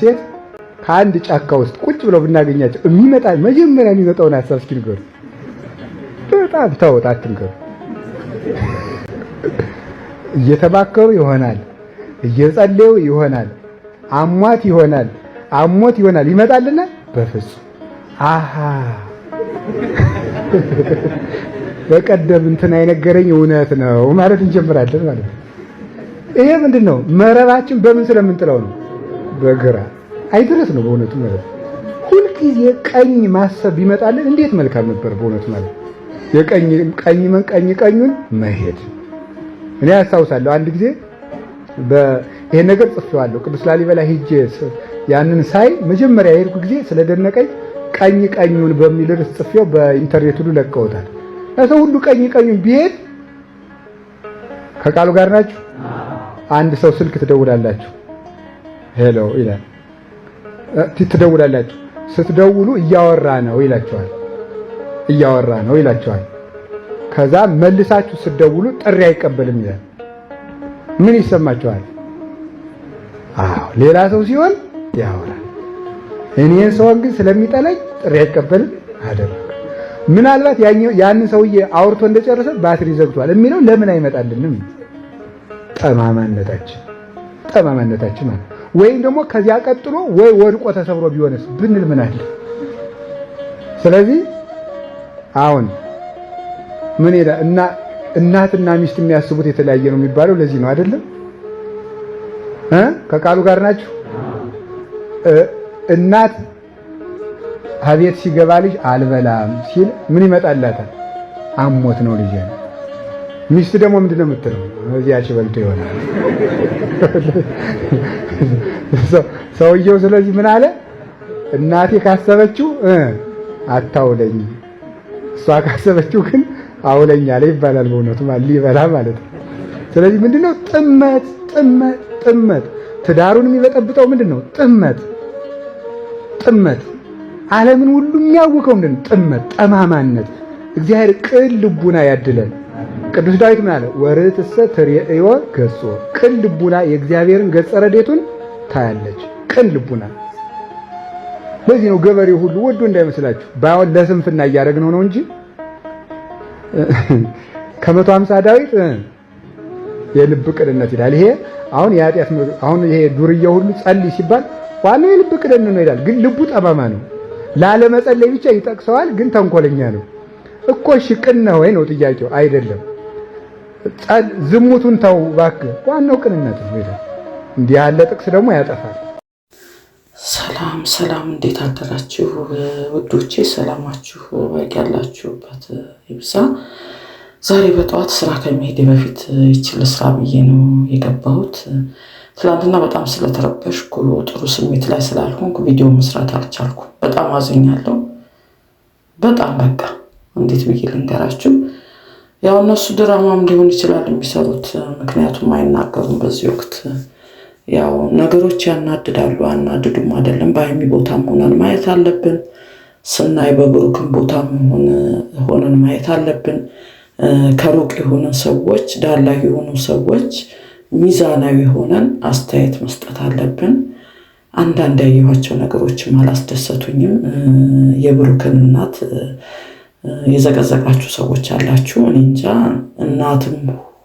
ሴት ከአንድ ጫካ ውስጥ ቁጭ ብለው ብናገኛቸው የሚመጣ መጀመሪያ የሚመጣውን ሀሳብ እስኪ ንገሩ። በጣም ተውት፣ አትንገሩ። እየተማከሩ ይሆናል፣ እየጸለዩ ይሆናል፣ አሟት ይሆናል፣ አሞት ይሆናል። ይመጣልና በፍጹም አሀ በቀደም እንትን አይነገረኝ እውነት ነው ማለት እንጀምራለን ማለት ነው። ይሄ ምንድን ነው? መረባችን በምን ስለምንጥለው ነው በግራ አይደረስ ነው በእውነቱ ማለት ሁልጊዜ ቀኝ ማሰብ ቢመጣልን እንዴት መልካም ነበር በእውነቱ ማለት የቀኝ ቀኝ ቀኝ ቀኙን መሄድ እኔ ያስታውሳለሁ አንድ ጊዜ ይሄን ነገር ጽፌዋለሁ። ቅዱስ ላሊበላ ሂጄ ያንን ሳይ መጀመሪያ የሄድኩ ጊዜ ስለደነቀኝ ቀኝ ቀኙን በሚል ርዕስ ጽፌው በኢንተርኔት ሁሉ ለቀውታል። ለሰው ሁሉ ቀኝ ቀኙን ቢሄድ ከቃሉ ጋር ናችሁ። አንድ ሰው ስልክ ትደውላላችሁ ሄሎ ይላል። ትደውላላችሁ። ስትደውሉ እያወራ ነው ይላችኋል እያወራ ነው ይላችኋል። ከዛ መልሳችሁ ስትደውሉ ጥሪ አይቀበልም ይላል። ምን ይሰማችኋል? አዎ ሌላ ሰው ሲሆን ያወራል። እኔን ሰውን ግን ስለሚጠላኝ ጥሪ አይቀበልም አደረግ ምናልባት ያንን ሰውዬ አውርቶ እንደጨረሰ ባትሪ ዘግቷል የሚለው ለምን አይመጣልንም? ጠማማነታችን ጠማማነታችን ማለት ወይም ደግሞ ከዚያ ቀጥሎ ወይ ወድቆ ተሰብሮ ቢሆንስ ብንል ምን አለ? ስለዚህ አሁን ምን ይላል እና እናትና ሚስት የሚያስቡት የተለያየ ነው የሚባለው ለዚህ ነው አይደለም እ ከቃሉ ጋር ናቸው። እናት አቤት ሲገባ ልጅ አልበላም ሲል ምን ይመጣላታል? አሞት ነው ልጅ። ሚስት ደግሞ ምንድነው የምትለው? እዚያች በልቶ ይሆናል ሰውየው ስለዚህ ምን አለ? እናቴ ካሰበችው አታውለኝ፣ እሷ ካሰበችው ግን አውለኛ ላይ ይባላል። በእውነቱ ይበላ ማለት ነው። ስለዚህ ምንድነው ጥመት ጥመት ጥመት ትዳሩን የሚበጠብጠው ምንድነው? ጥመት ጥመት ዓለምን ሁሉ የሚያውከው ምንድነው? ጥመት ጠማማነት። እግዚአብሔር ቅን ልቡና ያድለን። ቅዱስ ዳዊት ምን አለ? ወርትሰ ትርእዮ ገጾ ቅን ልቡና የእግዚአብሔርን ገጸ ረዴቱን ታያለች። ቅን ልቡና። ለዚህ ነው ገበሬው ሁሉ ወዶ እንዳይመስላችሁ ባይሆን ለስንፍና እያደረግነው ነው እንጂ ከመቶ ሃምሳ ዳዊት የልብ ቅንነት ይላል። ይሄ አሁን የኃጢአት አሁን ይሄ ዱርዬ ሁሉ ጸልይ ሲባል ዋናው የልብ ቅንነት ነው ይላል። ግን ልቡ ጠማማ ነው። ላለመጸለይ ብቻ ይጠቅሰዋል። ግን ተንኮለኛ ነው እኮ። እሺ ቅን ነህ ወይ ነው ጥያቄው? አይደለም። ዝሙቱን ተው እባክህ። ዋናው ቅንነት ነው። እንዲህ ያለ ጥቅስ ደግሞ ያጠፋል። ሰላም ሰላም፣ እንዴት አደራችሁ ውዶቼ? ሰላማችሁ ያላችሁበት ይብዛ። ዛሬ በጠዋት ስራ ከመሄድ በፊት ይችል ስራ ብዬ ነው የገባሁት። ትናንትና በጣም ስለተረበሽኩ ጥሩ ስሜት ላይ ስላልሆንኩ ቪዲዮ መስራት አልቻልኩም። በጣም አዝኛለሁ። በጣም በቃ እንዴት ብዬ ልንገራችሁ ያው እነሱ ድራማም ሊሆን ይችላል የሚሰሩት፣ ምክንያቱም አይናገሩም በዚህ ወቅት ያው ነገሮች ያናድዳሉ። አናድዱም አይደለም በሀይሚ ቦታም ሆነን ማየት አለብን ስናይ፣ በብሩክም ቦታም ሆነን ማየት አለብን። ከሩቅ የሆነ ሰዎች ዳላይ የሆኑ ሰዎች ሚዛናዊ ሆነን አስተያየት መስጠት አለብን። አንዳንድ ያየኋቸው ነገሮችም አላስደሰቱኝም። የብሩክን እናት የዘቀዘቃችሁ ሰዎች አላችሁ። እኔ እንጃ እናትም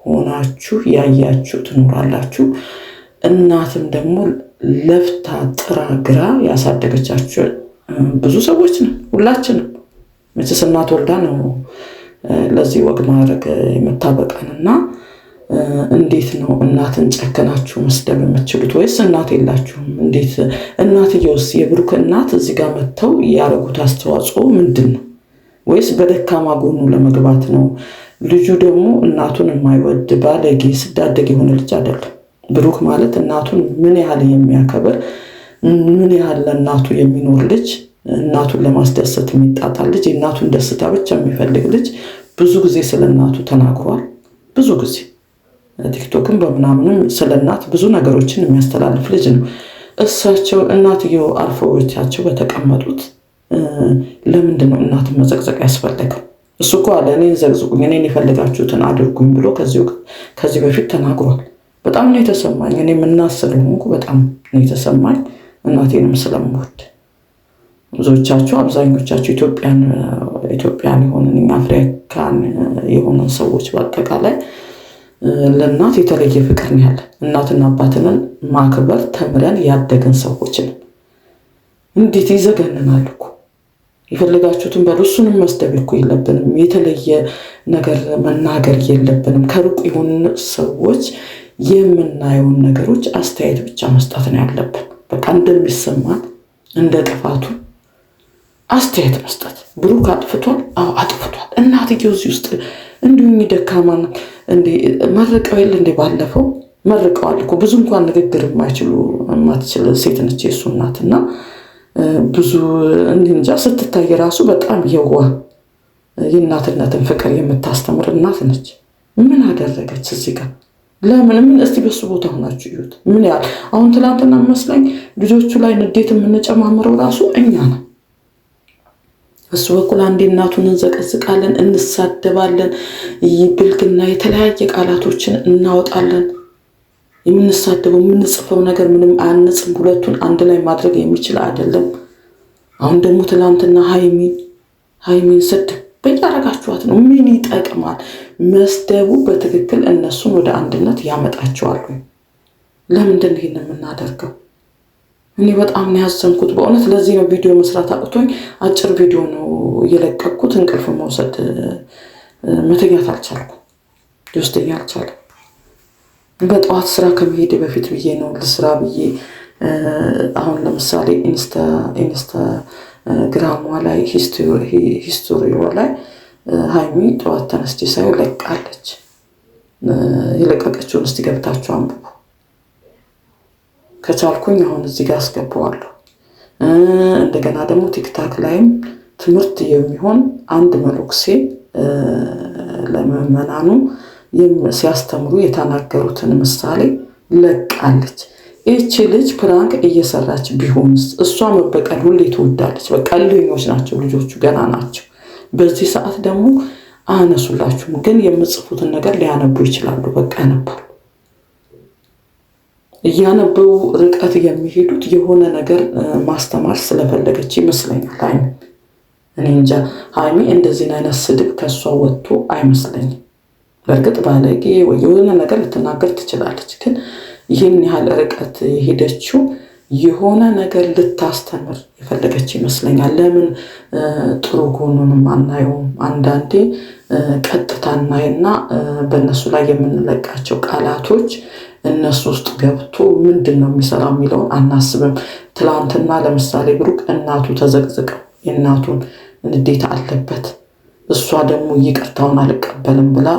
ሆናችሁ ያያችሁ ትኖራላችሁ። እናትም ደግሞ ለፍታ ጥራ ግራ ያሳደገቻችሁ ብዙ ሰዎች ነው። ሁላችንም መቼስ እናት ወልዳ ነው ለዚህ ወግ ማድረግ የምታበቃን እና እንዴት ነው እናትን ጨከናችሁ መስደብ የምችሉት? ወይስ እናት የላችሁም? እንዴት እናትየውስ የብሩክ እናት እዚህ ጋር መጥተው ያደረጉት አስተዋጽኦ ምንድን ነው? ወይስ በደካማ ጎኑ ለመግባት ነው? ልጁ ደግሞ እናቱን የማይወድ ባለጌ ስዳደግ የሆነ ልጅ አይደለም። ብሩክ ማለት እናቱን ምን ያህል የሚያከብር ምን ያህል ለእናቱ የሚኖር ልጅ፣ እናቱን ለማስደሰት የሚጣጣ ልጅ፣ የእናቱን ደስታ ብቻ የሚፈልግ ልጅ። ብዙ ጊዜ ስለ እናቱ ተናግሯል። ብዙ ጊዜ ቲክቶክም በምናምንም ስለ እናት ብዙ ነገሮችን የሚያስተላልፍ ልጅ ነው። እሳቸው እናትየው አርፈዎቻቸው በተቀመጡት ለምንድን ነው እናትን መዘቅዘቅ ያስፈለገው? እሱ እኮ አለ እኔን ዘቅዝቁኝ፣ እኔን የፈለጋችሁትን አድርጉኝ ብሎ ከዚህ በፊት ተናግሯል። በጣም ነው የተሰማኝ። እኔም እናት ስለሆንኩ በጣም ነው የተሰማኝ። እናቴንም ስለምወድ ብዙዎቻችሁ፣ አብዛኞቻችሁ ኢትዮጵያን የሆንን አፍሪካን የሆነን ሰዎች በአጠቃላይ ለእናት የተለየ ፍቅር ነው ያለ። እናትና አባትንን ማክበር ተምረን ያደገን ሰዎችን እንዴት ይዘገንናል እኮ የፈለጋችሁትን በሉ። እሱንም መስደብ እኮ የለብንም። የተለየ ነገር መናገር የለብንም። ከሩቅ የሆኑ ሰዎች የምናየውን ነገሮች አስተያየት ብቻ መስጠት ነው ያለብን። በቃ እንደሚሰማን እንደ ጥፋቱ አስተያየት መስጠት። ብሩክ አጥፍቷል? አዎ አጥፍቷል። እናትየው እዚህ ውስጥ እንዲሁ ደካማ መርቀው የለ እንደ ባለፈው መርቀዋል እኮ ብዙ እንኳን ንግግር የማይችሉ የማትችል ሴት ነች የእሱ እናትና ብዙ እንጃ ስትታይ ራሱ በጣም የዋ የእናትነትን ፍቅር የምታስተምር እናት ነች። ምን አደረገች እዚህ ጋር? ለምን ምን እስቲ በሱ ቦታ ሆናችሁ እዩት። ምን ያህል አሁን ትናንትና መስለኝ ልጆቹ ላይ ንዴት የምንጨማምረው ራሱ እኛ ነው። እሱ በኩል አንዴ እናቱን እንዘቀዝቃለን፣ እንሳደባለን፣ ብልግና የተለያየ ቃላቶችን እናወጣለን። የምንሳደበው የምንጽፈው ነገር ምንም አያነጽም። ሁለቱን አንድ ላይ ማድረግ የሚችል አይደለም። አሁን ደግሞ ትናንትና ሀይሚ ሀይሚን ስድ በያረጋችኋት ነው። ምን ይጠቅማል መስደቡ? በትክክል እነሱን ወደ አንድነት ያመጣቸዋሉ። ለምንድን ይህን የምናደርገው? እኔ በጣም ነው ያዘንኩት በእውነት። ለዚህ ነው ቪዲዮ መስራት አቅቶኝ አጭር ቪዲዮ ነው እየለቀኩት። እንቅልፍ መውሰድ መተኛት አልቻልኩም። ሊወስደኛ አልቻለም። በጠዋት ስራ ከመሄድ በፊት ብዬ ነው ልስራ ብዬ አሁን ለምሳሌ ኢንስታግራሟ ላይ ሂስቶሪዋ ላይ ሀይሚ ጠዋት ተነስቼ ሳይ ለቃለች። የለቀቀችውን እስቲ ገብታችሁ አንብቡ። ከቻልኩኝ አሁን እዚህ ጋር አስገባዋለሁ። እንደገና ደግሞ ቲክታክ ላይም ትምህርት የሚሆን አንድ መልክሴ ለመመናኑ ሲያስተምሩ የተናገሩትን ምሳሌ ለቃለች። ይቺ ልጅ ፕራንክ እየሰራች ቢሆንስ? እሷ መበቀል ሁሌ ትወዳለች። በቀልኞች ናቸው ልጆቹ፣ ገና ናቸው። በዚህ ሰዓት ደግሞ አነሱላችሁም፣ ግን የምጽፉትን ነገር ሊያነቡ ይችላሉ። በቃ ያነባሉ። እያነበቡ ርቀት የሚሄዱት የሆነ ነገር ማስተማር ስለፈለገች ይመስለኛል። አይ እኔ እንጃ። ሀይሚ እንደዚህን አይነት ስድብ ከእሷ ወጥቶ አይመስለኝም። በእርግጥ ባለጌ ወይ የሆነ ነገር ልትናገር ትችላለች። ግን ይህን ያህል ርቀት የሄደችው የሆነ ነገር ልታስተምር የፈለገች ይመስለኛል። ለምን ጥሩ ጎኑንም አናየውም? አንዳንዴ ቀጥታ እናይና በእነሱ ላይ የምንለቃቸው ቃላቶች እነሱ ውስጥ ገብቶ ምንድን ነው የሚሰራ የሚለውን አናስብም። ትላንትና ለምሳሌ ብሩክ እናቱ ተዘቅዝቀው የእናቱን ንዴታ አለበት፣ እሷ ደግሞ ይቅርታውን አልቀበልም ብላ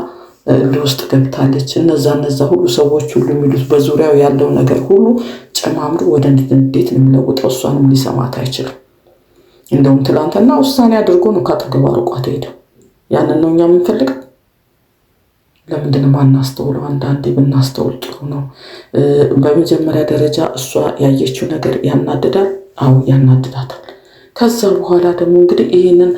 ውስጥ ገብታለች። እነዛ እነዛ ሁሉ ሰዎች ሁሉ የሚሉት በዙሪያው ያለው ነገር ሁሉ ጨማምሮ ወደ ንዴት ነው የሚለውጠው። እሷንም ሊሰማት አይችልም። እንደውም ትላንትና ውሳኔ አድርጎ ነው ካጠገቧ ርቋት ሄደው። ያንን ነው እኛ የምንፈልገው። ለምንድን ማናስተውለው? አንዳንዴ ብናስተውል ጥሩ ነው። በመጀመሪያ ደረጃ እሷ ያየችው ነገር ያናድዳል። አዎ ያናድዳታል። ከዛም በኋላ ደግሞ እንግዲህ ይህንን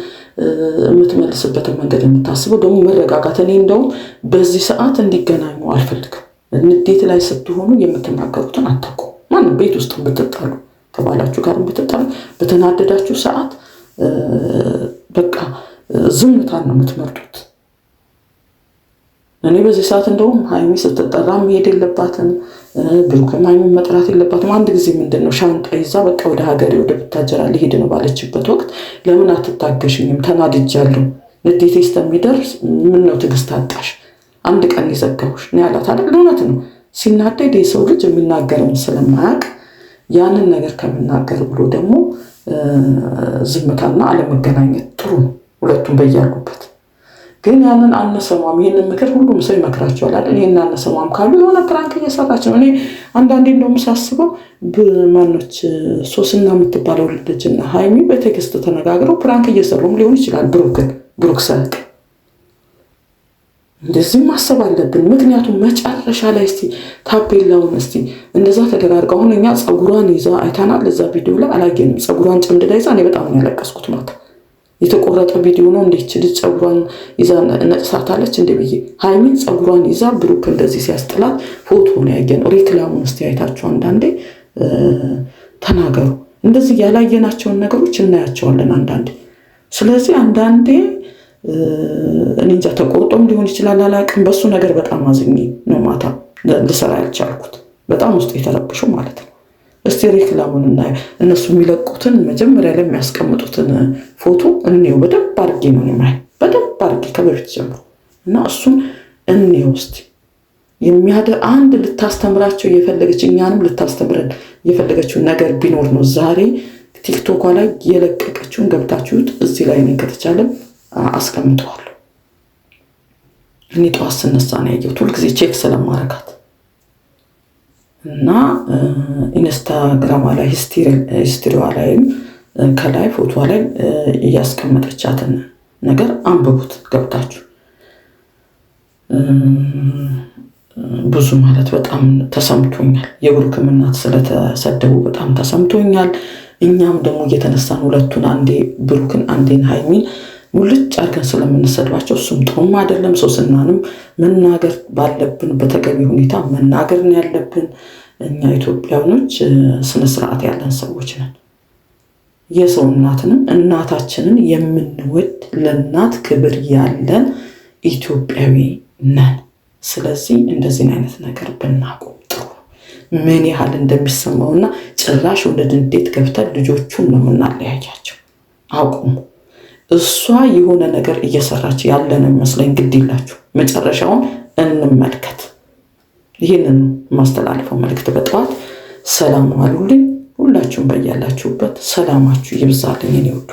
የምትመልስበትን መንገድ የምታስበው ደግሞ መረጋጋት። እኔ እንደውም በዚህ ሰዓት እንዲገናኙ አልፈልግም። ንዴት ላይ ስትሆኑ የምትናገሩትን አታውቁ። ማንም ቤት ውስጥ ብትጣሉ፣ ከባላችሁ ጋር ብትጣሉ፣ በተናደዳችሁ ሰዓት በቃ ዝምታን ነው የምትመርጡ። እኔ በዚህ ሰዓት እንደውም ሀይሚ ስትጠራ መሄድ የለባትም ብሩክም ሀይሚን መጥራት የለባትም። አንድ ጊዜ ምንድን ነው ሻንጣ ይዛ በቃ ወደ ሀገሬ ወደ ብታጀራ ሊሄድ ነው ባለችበት ወቅት ለምን አትታገሽኝም? ተናድጃለሁ፣ ንዴቴ እስከሚደርስ ምን ነው ትዕግስት አጣሽ? አንድ ቀን የዘጋሁሽ ነው ያላት አይደል? እውነት ነው። ሲናደድ የሰው ልጅ የሚናገረውን ስለማያውቅ ያንን ነገር ከምናገር ብሎ ደግሞ ዝምታና አለመገናኘት ጥሩ ነው። ሁለቱም በያሉበት ግን ያንን አነሰሟም ይህንን ምክር ሁሉም ሰው ይመክራቸዋል አይደል? ይህን አነሰሟም ካሉ የሆነ ፕራንክ እየሰራች ነው። እኔ አንዳንዴ እንደውም ሳስበው ማኖች ሶስና የምትባለው ልደችና ሀይሚ በቴክስት ተነጋግረው ፕራንክ እየሰሩም ሊሆን ይችላል። ብሩክን ብሩክ ሰርቅ እንደዚህ ማሰብ አለብን። ምክንያቱም መጨረሻ ላይ እስቲ ታፔላውን እስቲ እንደዛ ተደራርገው አሁን እኛ ፀጉሯን ይዛ አይታናል። እዛ ቪዲዮ ላይ አላየንም። ፀጉሯን ጨምድዳ ይዛ እኔ በጣም ያለቀስኩት ማታ የተቆረጠ ቪዲዮ ነው። እንዴች ልጅ ጸጉሯን ይዛ ነጭሳታለች እንደ ብዬ ሀይሚን ጸጉሯን ይዛ ብሩክ እንደዚህ ሲያስጥላት ፎቶ ነው ያየን። ሬክላሙን እስቲ አይታችሁ አንዳንዴ ተናገሩ። እንደዚህ ያላየናቸውን ነገሮች እናያቸዋለን አንዳንዴ። ስለዚህ አንዳንዴ እኔ እንጃ ተቆርጦም ሊሆን ይችላል አላቅም። በሱ ነገር በጣም አዝኜ ነው ማታ ልሰራ ያልቻልኩት፣ በጣም ውስጥ የተረብሹ ማለት ነው። እስቲ ሬክላሙን እናየው እነሱ የሚለ ያደረግኩትን መጀመሪያ ላይ የሚያስቀምጡትን ፎቶ እኔው በደንብ አድርጌ ነው የማይ በደንብ አድርጌ ከበፊት ጀምሮ እና እሱን እኔ ውስጥ የሚያደ አንድ ልታስተምራቸው እየፈለገች እኛንም ልታስተምረን እየፈለገችው ነገር ቢኖር ነው ዛሬ ቲክቶኳ ላይ የለቀቀችውን ገብታችሁት እዚህ ላይ እኔ ከተቻለም አስቀምጠዋለሁ። እኔ ጠዋት ስነሳ ነው ያየሁት ሁልጊዜ ቼክ ስለማረጋት እና ኢንስታግራማ ላይ ሂስትሪዋ ላይም ከላይ ፎቶ ላይ እያስቀመጠቻትን ነገር አንብቡት ገብታችሁ። ብዙ ማለት በጣም ተሰምቶኛል። የብሩክም እናት ስለተሰደቡ በጣም ተሰምቶኛል። እኛም ደግሞ እየተነሳን ሁለቱን አንዴ ብሩክን አንዴን ሀይሚን ሙልጭ አድርገን ስለምንሰድባቸው እሱም ጥሩም አይደለም። ሰው ስናንም መናገር ባለብን በተገቢ ሁኔታ መናገርን ያለብን። እኛ ኢትዮጵያኖች ስነስርዓት ያለን ሰዎች ነን። የሰው እናትንም እናታችንን የምንወድ ለእናት ክብር ያለን ኢትዮጵያዊ ነን። ስለዚህ እንደዚህን አይነት ነገር ብናቆም ጥሩ ምን ያህል እንደሚሰማውና ጭራሽ ወደ ድንዴት ገብተን ልጆቹን ነው የምናለያያቸው። አቁሙ። እሷ የሆነ ነገር እየሰራች ያለ ነው የሚመስለኝ። ግድ ይላችሁ መጨረሻውን እንመልከት። ይህንን ማስተላለፈው መልእክት በጠዋት ሰላም ዋሉልኝ። ሁላችሁም በያላችሁበት ሰላማችሁ ይብዛልኝ።